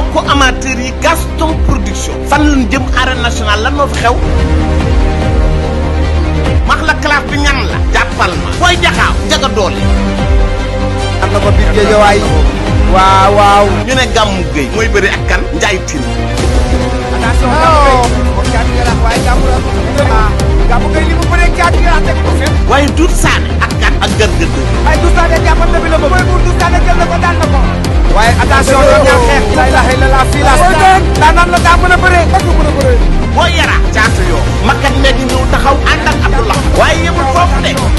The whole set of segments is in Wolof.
mbokk amateur yi Gaston Production fan lañ jëm arène nationale lan moo fi xew max la classe bi ñan la jàppal ma booy jaxaaw jaga na ko biir géejawaay waaw waaw ñu ne gàmmu géey mooy bëri ak kan njaay tin oh. waaye ah, duut ak kan ak gërgëd waaye duut jàppal na la ba mooy buur duut jël na ko daan na ko waaye attention ñoom ñaar xeex bi la ilaha illallah fii la daan naan la daa mën a bëree ak mën a bëree boo yara caatu yoo makat ne di ñëw taxaw ànd ak Abdullah waaye yëmul foofu de door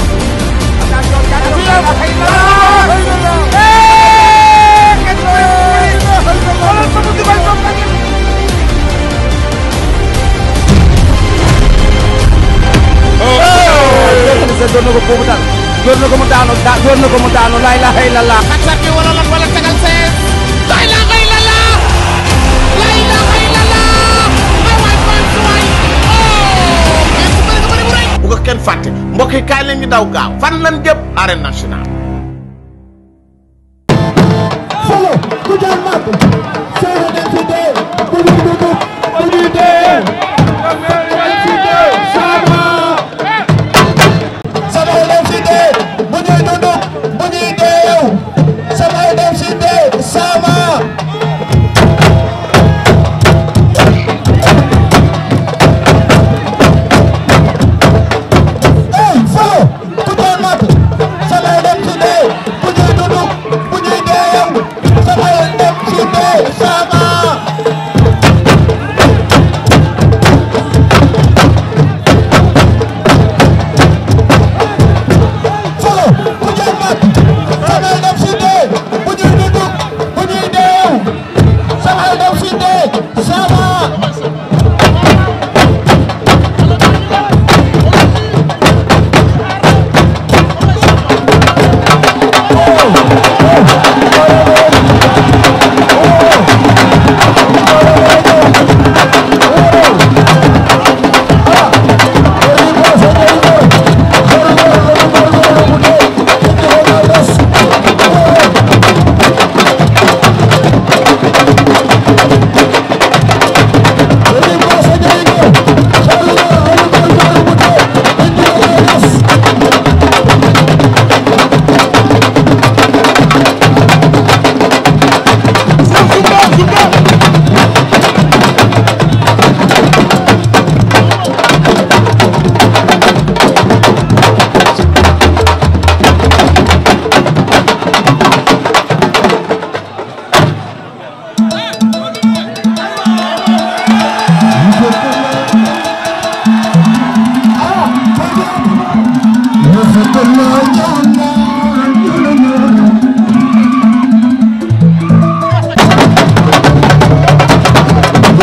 na ko mu daanu door na ko mu daanu laa ilaaha illallah ngeen fàtte mbokk yi kaay daw gaaw fan lan jëm arène nationale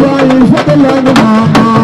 Boy, for the love of